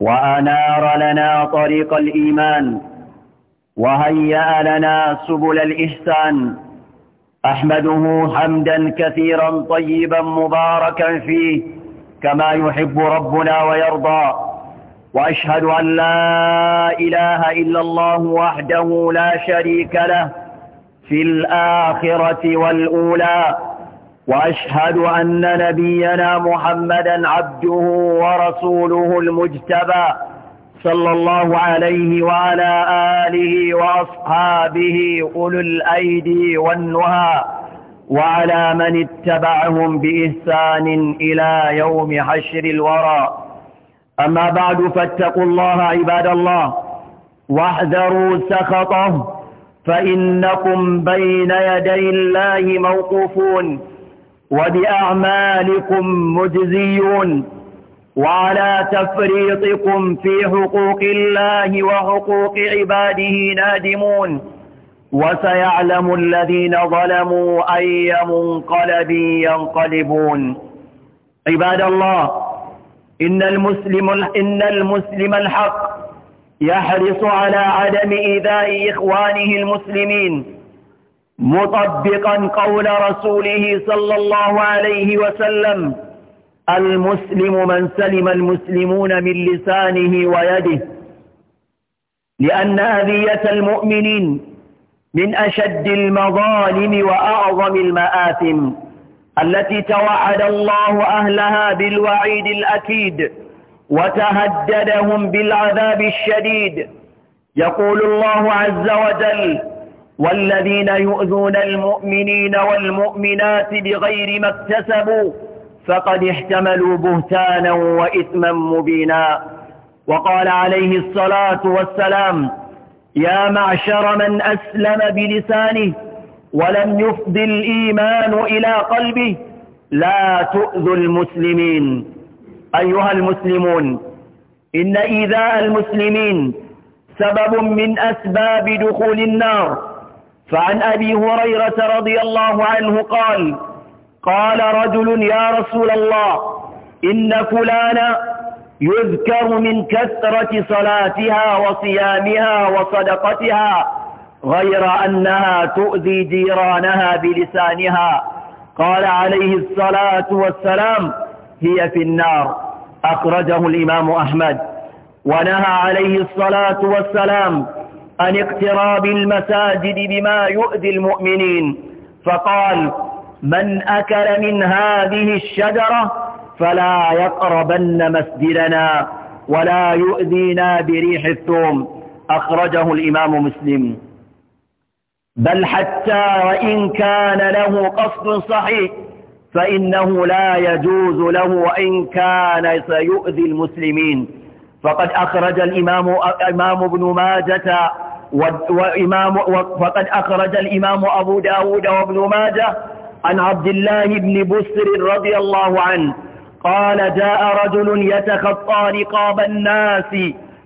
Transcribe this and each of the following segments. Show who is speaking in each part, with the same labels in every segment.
Speaker 1: وأنار لنا طريق الإيمان وهيأ لنا سبل الإحسان أحمده حمدا كثيرا طيبا مباركا فيه كما يحب ربنا ويرضى وأشهد أن لا إله إلا الله وحده لا شريك له في الآخرة والأولى وأشهد أن نبينا محمدا عبده ورسوله المجتبى صلى الله عليه وعلى آله وأصحابه أولو الأيدي والنهى
Speaker 2: وعلى
Speaker 1: من اتبعهم بإحسان إلى يوم حشر الورى أما بعد فاتقوا الله عباد الله واحذروا سخطه فإنكم بين يدي الله موقوفون وبأعمالكم مجزيون وعلى تفريطكم في حقوق الله وحقوق عباده نادمون وسيعلم الذين ظلموا أي منقلب ينقلبون عباد الله إن المسلم, إن المسلم الحق يحرص على عدم إيذاء إخوانه المسلمين مطبقا قول رسوله صلى الله عليه وسلم المسلم من سلم المسلمون من لسانه ويده لأن أذية المؤمنين من أشد المظالم وأعظم المآثم التي توعد الله أهلها بالوعيد الأكيد وتهددهم بالعذاب الشديد يقول الله عز وجل والذين يؤذون المؤمنين والمؤمنات بغير ما اكتسبوا فقد احتملوا بهتانا وإثما مبينا وقال عليه الصلاة والسلام يا معشر من أسلم بلسانه ولم يفض الإيمان إلى قلبه لا تؤذوا المسلمين أيها المسلمون إن إيذاء المسلمين سبب من أسباب دخول النار فعن أبي هريرة رضي الله عنه قال قال رجل يا رسول الله إن فلانا يذكر من كثرة صلاتها وصيامها وصدقتها غير أنها تؤذي جيرانها بلسانها قال عليه الصلاة والسلام هي في النار أخرجه الإمام أحمد ونهى عليه الصلاة والسلام عن اقتراب المساجد بما يؤذي المؤمنين فقال من أكل من هذه الشجرة فلا يقربن مسجدنا ولا يؤذينا بريح الثوم أخرجه الإمام مسلم بل حتى وإن كان له قصد صحيح فإنه لا يجوز له وإن كان سيؤذي المسلمين فقد أخرج الإمام, الإمام ابن ماجة وإمام وقد أخرج الإمام أبو داود وابن ماجه عن عبد الله بن بسر رضي الله عنه قال جاء رجل يتخطى رقاب الناس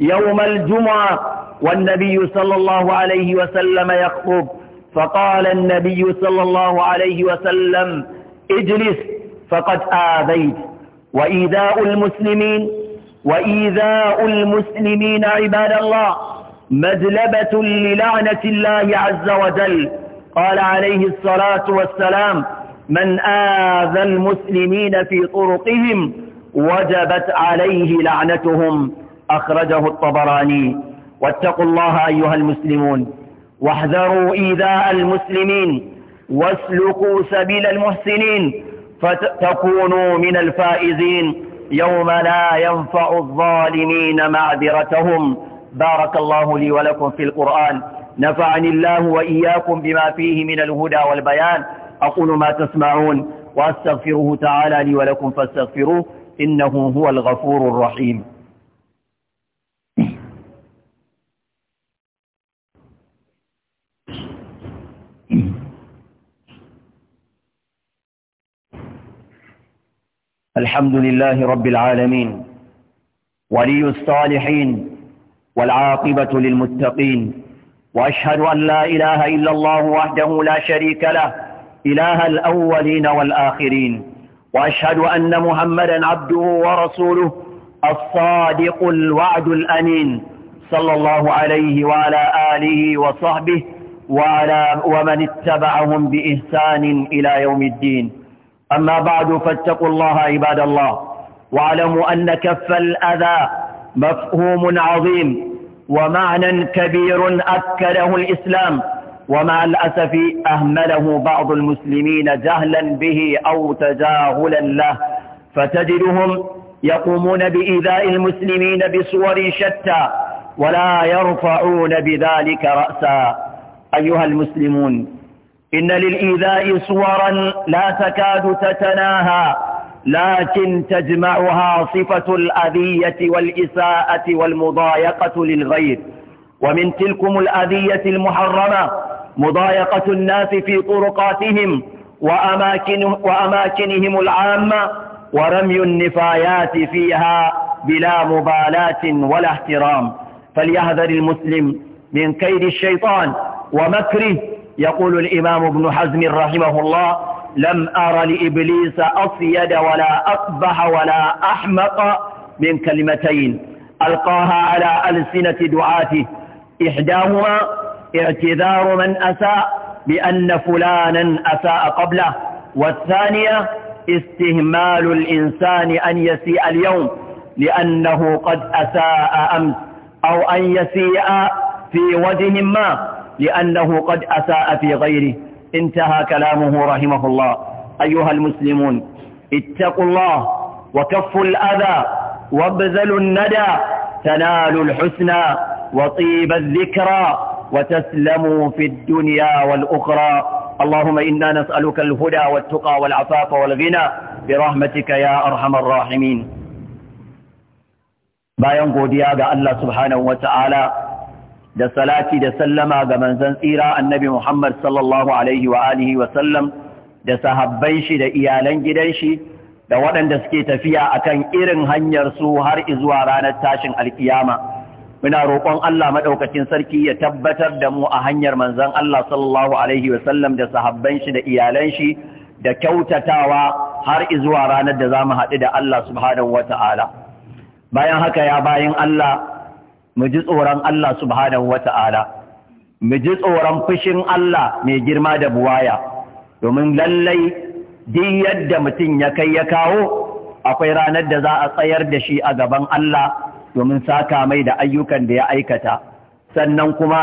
Speaker 1: يوم الجمعة والنبي صلى الله عليه وسلم يخطب فقال النبي صلى الله عليه وسلم اجلس فقد آذيت وإيذاء المسلمين وإيذاء المسلمين عباد الله مذلبة للعنة الله عز وجل قال عليه الصلاة والسلام من آذى المسلمين في طرقهم وجبت عليه لعنتهم أخرجه الطبراني واتقوا الله أيها المسلمون واحذروا إيذاء المسلمين واسلكوا سبيل المحسنين فتكونوا من الفائزين يوم لا ينفع الظالمين معذرتهم بارك الله لي ولكم في القرآن نفعني الله وإياكم بما فيه من الهدى والبيان أقول ما تسمعون وأستغفره تعالى لي ولكم فاستغفروه إنه هو الغفور الرحيم الحمد لله رب العالمين ولي الصالحين والعاقبة للمتقين وأشهد أن لا إله إلا الله وحده لا شريك له إله الأولين والآخرين وأشهد أن محمدا عبده ورسوله الصادق الوعد الأمين صلى الله عليه وعلى آله وصحبه وعلى ومن اتبعهم بإحسان إلى يوم الدين أما بعد فاتقوا الله عباد الله واعلموا أن كف الأذى مفهوم عظيم ومعنى كبير أكله الإسلام ومع الأسف أهمله بعض المسلمين جهلا به أو تجاهلا له فتجدهم يقومون بإيذاء المسلمين بصور شتى ولا يرفعون بذلك رأسا أيها المسلمون إن للإيذاء صورا لا تكاد تتناهى لكن تجمعها صفة الأذية والإساءة والمضايقة للغير ومن تلكم الأذية المحرمة مضايقة الناس في طرقاتهم وأماكن وأماكنهم العامة ورمي النفايات فيها بلا مبالاة ولا احترام فليهذر المسلم من كيد الشيطان ومكره يقول الإمام ابن حزم رحمه الله لم أرى لإبليس أصيد ولا أقبح ولا أحمق من كلمتين ألقاها على ألسنة دعاته إحداهما اعتذار من أساء بأن فلانا أساء قبله والثانية استهمال الإنسان أن يسيء اليوم لأنه قد أساء أمس أو أن يسيء في وجه ما لأنه قد أساء في غيره انتهى كلامه رحمه الله أيها المسلمون اتقوا الله وكفوا الأذى وابذلوا الندى تنالوا الحسنى وطيب الذكرى وتسلموا في الدنيا والأخرى اللهم إنا نسألك الهدى والتقى والعفاف والغنى برحمتك يا أرحم الراحمين bayan godiya هذا Allah سبحانه وتعالى da salati da sallama ga manzon tsira annabi Muhammad sallallahu alaihi da sahabban shi da iyalan gidan shi da waɗanda suke tafiya akan irin hanyar su har zuwa ranar tashin alkiyama muna roƙon Allah madaukakin sarki ya tabbatar da mu a hanyar manzon Allah sallallahu alaihi da sahabban shi da iyalan shi da kyautatawa har zuwa ranar da zamu haɗu da Allah subhanahu bayan haka ya bayin Allah mu ji tsoron Allah subhanahu ta'ala mu ji tsoron fushin Allah mai girma da buwaya domin lallai duk yadda mutum ya kai ya kawo akwai ranar da za a tsayar da shi a gaban Allah domin saka mai da ayyukan da ya aikata sannan kuma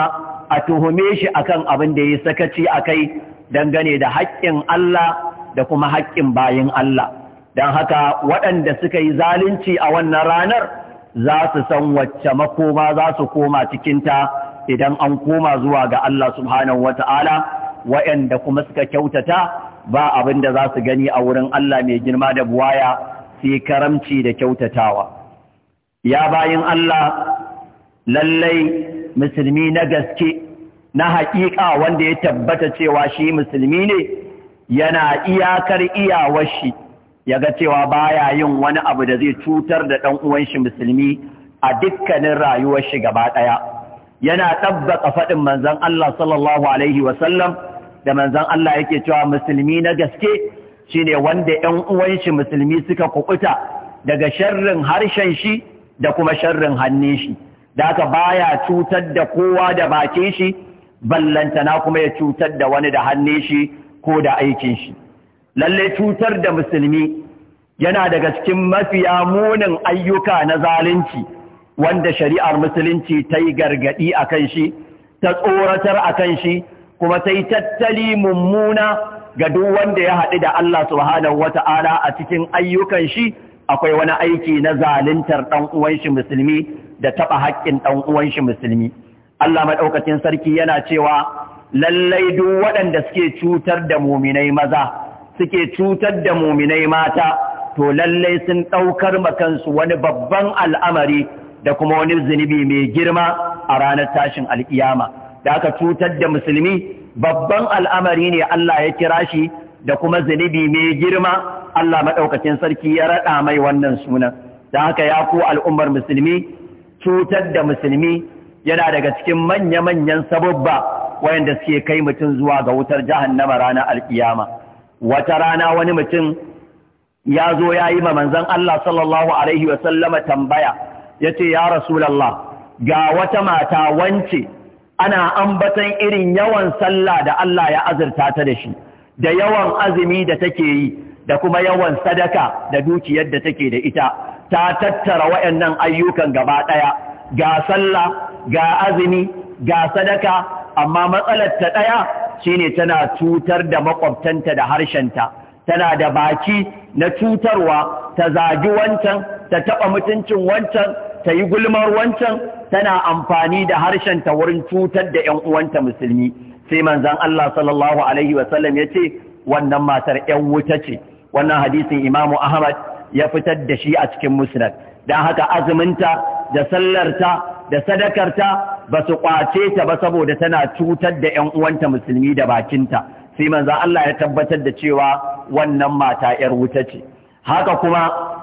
Speaker 1: a tuhume shi akan abin da ya sakaci a kai dangane da haƙƙin Allah da kuma haƙƙin bayin Allah don haka waɗanda suka yi zalunci a wannan ranar za su san wacce makoma za su koma cikinta idan an koma zuwa ga Allah subhanahu wa ta'ala waɗanda kuma suka kyautata ba abin da za su gani a wurin Allah mai girma da buwaya sai karamci da kyautatawa. Ya bayin Allah lallai musulmi na gaske na haƙiƙa wanda ya tabbata cewa shi musulmi ne yana iyakar iyawar shi. ya ga cewa baya yin wani abu da zai cutar da ɗan uwan shi musulmi a dukkanin rayuwar shi gaba ɗaya yana tabbata faɗin manzon Allah sallallahu alaihi wa da manzon Allah yake cewa musulmi na gaske shine wanda ɗan uwan shi musulmi suka kukuta daga sharrin harshen shi da kuma sharrin hannun shi da haka baya cutar da kowa da bakin shi ballantana kuma ya cutar da wani da hannun shi ko da aikin shi lalle cutar da musulmi yana daga cikin mafiya munin ayyuka na zalunci wanda shari'ar musulunci ta yi gargaɗi a kan shi ta tsoratar a kan shi kuma ta yi tattali mummuna ga duk wanda ya haɗu da Allah subhanahu wata'ala a cikin ayyukan shi akwai wani aiki na zaluntar ɗan uwan shi musulmi da taɓa haƙƙin ɗan uwan shi musulmi Allah maɗaukacin sarki yana cewa lallai duk waɗanda suke cutar da muminai maza suke cutar da muminai mata to lallai sun ɗaukar makansu wani babban al'amari da kuma wani zunubi mai girma a ranar tashin al'iyama da aka cutar da musulmi babban al'amari ne Allah ya kira shi da kuma zunubi mai girma Allah maɗaukacin sarki ya raɗa mai wannan sunan da haka ya ku al'ummar musulmi cutar da musulmi yana daga cikin manya-manyan sababba wayanda suke kai mutum zuwa ga wutar jahannama ranar al'iyama wata rana wani mutum ya zo ya yi ma manzan Allah sallallahu Alaihi wasallama tambaya ya ce ya Rasulallah ga wata mata wance ana ambatan irin yawan sallah da Allah ya azurta ta da shi da yawan azumi da take yi da kuma yawan sadaka da dukiyar da take da ita ta tattara waɗannan ayyukan gaba ɗaya ga sallah ga azumi ga sadaka amma matsalar ta ɗaya shine tana cutar da makwabtanta da harshenta tana da baki na cutarwa ta zagi wancan ta taɓa mutuncin wancan ta yi gulmar wancan tana amfani da harshenta wurin cutar da 'yan uwanta musulmi sai manzon Allah sallallahu alaihi wasallam ya ce wannan matar 'yan wuta ce wannan hadisin imamu Ahmad ya fitar da shi a cikin musnad Da haka azuminta da sallarta da sadakarta ba su kwace ta ba saboda tana cutar da ‘yan uwanta musulmi da bakinta sai manzo Allah ya tabbatar da cewa wannan mata ‘yar wuta ce haka kuma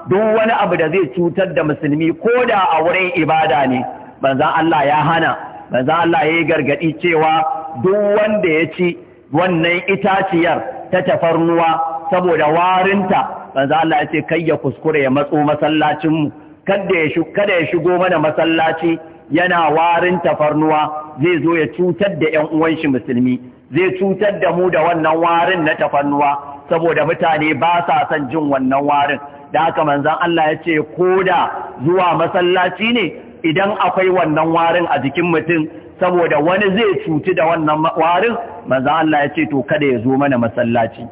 Speaker 1: duk wani abu da zai cutar da musulmi ko da a wurin ibada ne manzo Allah ya hana manzo Allah ya yi gargadi cewa duk wanda ya ci wannan itaciyar ta tafarnuwa saboda warinta manzo Allah ya ce kai ya kuskure ya matso masallacinmu kada ya shigo mana masallaci yana warin tafarnuwa zai zo ya cutar da ‘yan uwan shi musulmi zai cutar da mu da wannan warin na tafarnuwa saboda mutane ba sa son jin wannan warin da haka manzan Allah ya ce ko da zuwa masallaci ne idan akwai wannan warin a jikin mutum saboda wani zai cuci da wannan warin manzan Allah ya ce to kada ya zo mana masallaci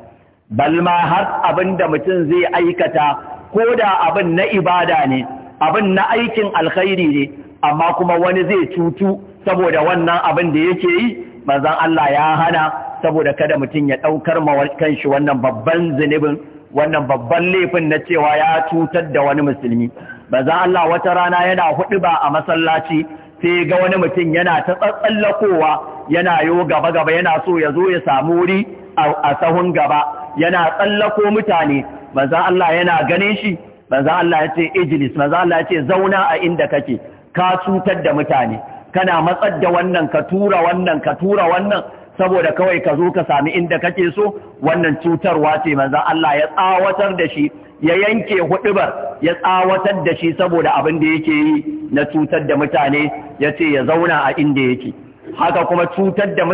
Speaker 1: balma har abin da mutum zai aikata ko da abin na ibada ne abin na aikin alkhairi ne amma kuma wani zai cutu saboda wannan abin da yake yi manzan Allah ya hana saboda kada mutum ya ɗaukar mawarkan shi wannan babban zunubin wannan babban laifin na cewa ya cutar da wani musulmi manzon Allah wata rana yana hudu ba a masallaci sai ga wani mutum yana ta tsallakowa yana yo gaba gaba yana so ya zo ya samu wuri a sahun gaba yana tsallako mutane manzon Allah yana ganin shi manzon Allah ya ce ijlis manzon Allah ya ce zauna a inda kake ka cutar da mutane kana matsar da wannan ka tura wannan ka tura wannan saboda kawai ka zo ka sami inda kake so wannan cutarwa ce manzo Allah ya tsawatar da shi ya yanke huɗubar ya tsawatar da shi saboda abin da yake yi na cutar da mutane ya ce ya zauna a inda yake haka kuma cutar da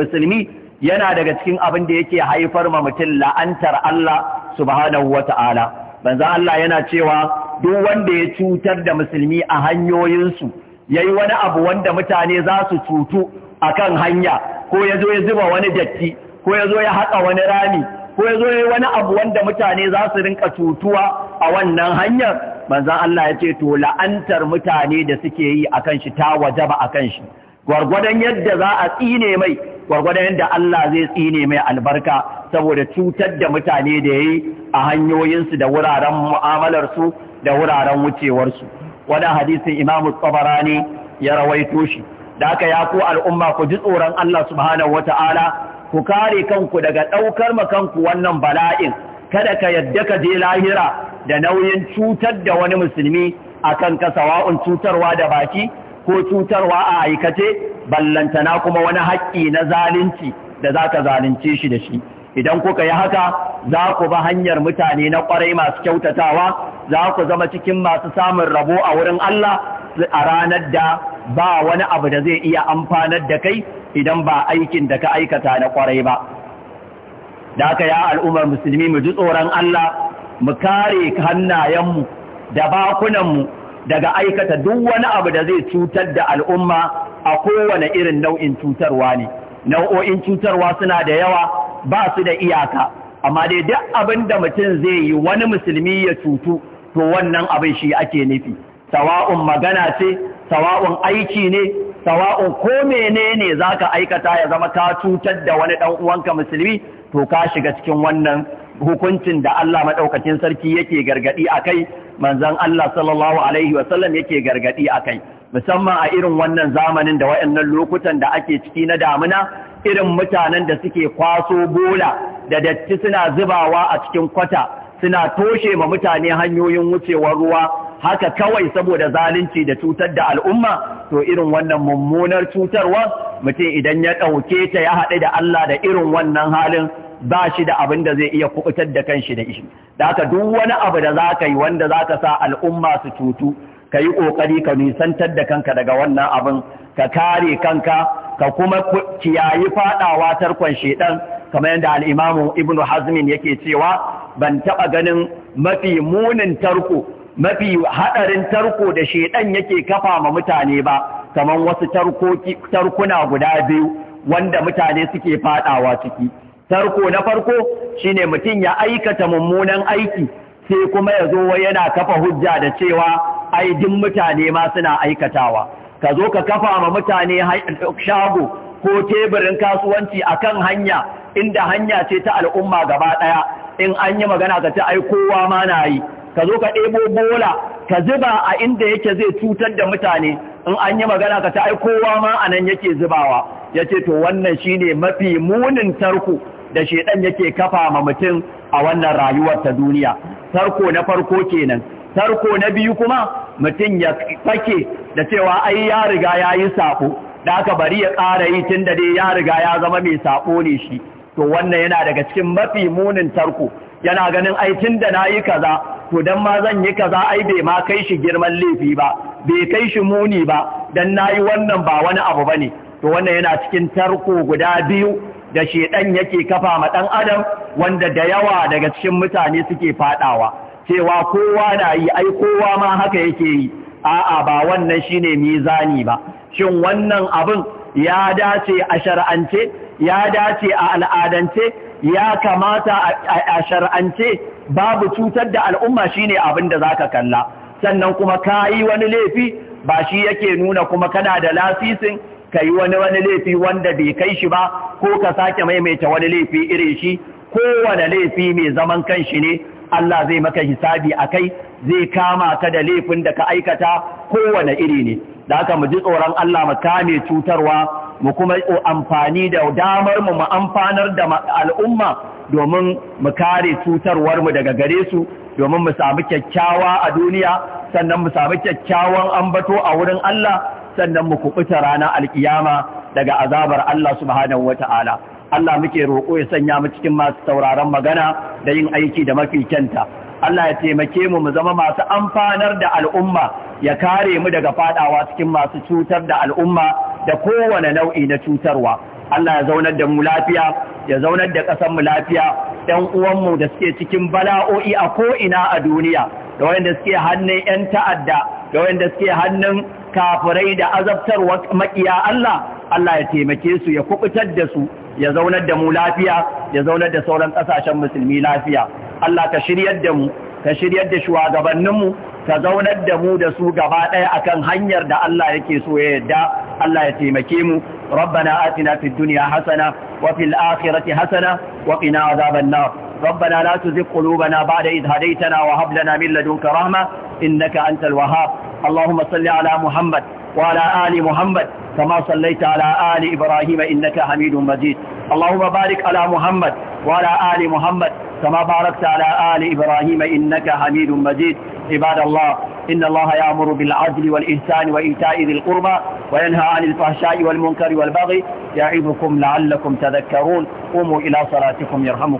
Speaker 1: musulmi yana daga cikin abin da yake haifar ma mutum la'antar Allah subhanahu wata'ala Banzan Allah yana cewa duk wanda ya cutar da musulmi a hanyoyinsu ya yi wani abu wanda mutane za su cutu a kan hanya ko ya zo ya zuba wani datti ko ya zo ya haƙa wani rami ko ya zo ya yi wani abu wanda mutane za su rinka cutuwa a wannan hanyar manzo Allah ya ce to la'antar mutane da suke yi a kan shi ta wajaba a kan shi gwargwadon yadda za a tsine mai gwargwadon yadda Allah zai tsine mai albarka saboda cutar da mutane da ya yi a hanyoyinsu da wuraren mu'amalarsu da wuraren wucewarsu Wani hadisin Imam ne ya rawaito shi da aka ya ku al'umma ku ji tsoron Allah subhanahu wa ta'ala, ku kare kanku daga ɗaukar makanku wannan bala'in kada ka yadda ka je lahira da nauyin cutar da wani musulmi akan kasawa'un cutarwa da baki ko cutarwa a aikace ballantana kuma wani haƙƙi na zalunci da za ka zalunce shi da shi idan kuka yi haka za ku ba hanyar mutane na ƙwarai masu kyautatawa za ku zama cikin masu samun rabo a wurin Allah a ranar da ba wani abu da zai iya amfanar da kai idan ba aikin da ka aikata na ƙwarai ba da aka ya al'ummar musulmi mu ji tsoron Allah mu kare hannayenmu da bakunanmu daga aikata duk wani abu da zai cutar da al'umma a kowane irin nau'in cutarwa ne nau'o'in cutarwa suna da yawa ba su da iyaka amma dai duk abin da mutum zai yi wani musulmi ya cutu to wannan abin shi ake nufi sawa'un magana ce sawa'un aiki ne sawa'un ko menene zaka aikata ya zama ka cutar da wani ɗan uwanka musulmi to ka shiga cikin wannan hukuncin da Allah maɗaukacin sarki yake gargaɗi a kai manzan Allah sallallahu Alaihi wasallam yake gargaɗi a kai musamman a irin wannan zamanin da waɗannan lokutan da ake ciki na damuna irin mutanen da suke kwaso bola da datti suna zubawa a cikin kwata suna toshe ma mutane hanyoyin wucewar ruwa haka kawai saboda zalunci da cutar da al'umma to irin wannan mummunar cutarwa mutum idan ya ɗauke ta ya haɗu da Allah da irin wannan halin ba shi da abin da zai iya kubutar da kanshi da ishi da haka duk wani abu da za ka yi wanda za ka sa al'umma su cutu ka yi ƙoƙari ka nisantar da kanka daga wannan abin ka kare kanka ka kuma kiyayi faɗawa tarkon shedan kamar yadda al'imamu ibnu hazmin yake cewa ban taɓa ganin mafi munin tarko mafi haɗarin tarko da shaiɗan yake kafa ma mutane ba kamar wasu tarkuna guda biyu wanda mutane suke faɗawa ciki tarko na farko shine mutum ya aikata mummunan aiki sai kuma ya zo wa yana kafa hujja da cewa aidin mutane ma suna aikatawa ka zo ka kafa ma mutane shago ko teburin kasuwanci a kan hanya inda hanya ce ta al'umma gaba ɗaya in an yi magana ka ce ai kowa ma na yi ka zo ka ɗebo bola ka zuba a inda yake zai cutar da mutane in an yi magana ka ce ai kowa ma a nan yake zubawa ya ce to wannan shine mafi munin tarko da shedan yake kafa ma mutum a wannan rayuwar ta duniya tarko na farko kenan tarko na biyu kuma mutum ya fake da cewa ai ya riga ya yi sako da aka bari ya ƙara yi tun da dai ya riga ya zama mai sako ne shi to wannan yana daga cikin mafi munin tarko yana ganin ai tun da na yi kaza to dan ma zan yi kaza ai bai ma kai shi girman laifi ba bai kai shi muni ba dan na yi wannan ba wani abu ba ne to wannan yana cikin tarko guda biyu da shedan yake kafa ma dan adam wanda da yawa daga cikin mutane suke fadawa cewa kowa na yi ai kowa ma haka yake yi a'a ba wannan shine mizani ba shin wannan abin ya dace a shar'ance ya dace a al'adance ya kamata a shar'ance babu cutar da al'umma shine abin da zaka kalla sannan kuma kayi wani laifi ba shi yake nuna kuma kana da lasisin ka yi wani wani laifi wanda bai kai shi ba ko ka sake maimaita wani laifi irin shi kowane laifi mai zaman kan shi ne Allah zai maka hisabi a kai zai kama ka da laifin da ka aikata kowane iri ne da haka mu ji tsoron Allah mu kame cutarwa mu kuma amfani da damar mu amfanar da al'umma domin mu kare cutarwar mu daga gare su domin mu samu kyakkyawa a duniya sannan mu samu kyakkyawan ambato a wurin Allah sannan mu kubuta ranar alkiyama daga azabar Allah subhanahu wata'ala Allah muke roƙo ya sanya mu cikin masu sauraron magana da yin aiki da mafi kyanta Allah ya taimake mu mu zama masu amfanar da al'umma ya kare mu daga fadawa cikin masu cutar da al'umma da kowane nau'i na cutarwa Allah ya zaunar da mu lafiya ya zaunar da ƙasar mu lafiya ɗan uwanmu da suke cikin bala'o'i a ko'ina a duniya da wanda suke hannun 'yan ta'adda da wanda suke hannun kafirai da azabtarwa makiya Allah Allah ya taimake su ya kubutar da su ya zaunar da mu lafiya ya zaunar da sauran kasashen musulmi lafiya Allah ka shiryar da mu ka shiryar da shugabanninmu ka zaunar da mu da su gaba ɗaya akan hanyar da Allah yake so ya yadda Allah ya taimake mu rabbana atina fid dunya hasana wa fil akhirati hasana wa qina adhaban nar ربنا لا تزغ قلوبنا بعد إذ هديتنا وهب لنا من لدنك رحمة إنك أنت الوهاب اللهم صل على محمد وعلى آل محمد كما صليت على آل إبراهيم إنك حميد مجيد اللهم بارك على محمد وعلى آل محمد كما باركت على آل إبراهيم إنك حميد مجيد عباد الله إن الله يأمر بالعدل والإحسان وإيتاء ذي القربى وينهى عن الفحشاء والمنكر والبغي يعظكم لعلكم تذكرون قوموا إلى صلاتكم يرحمكم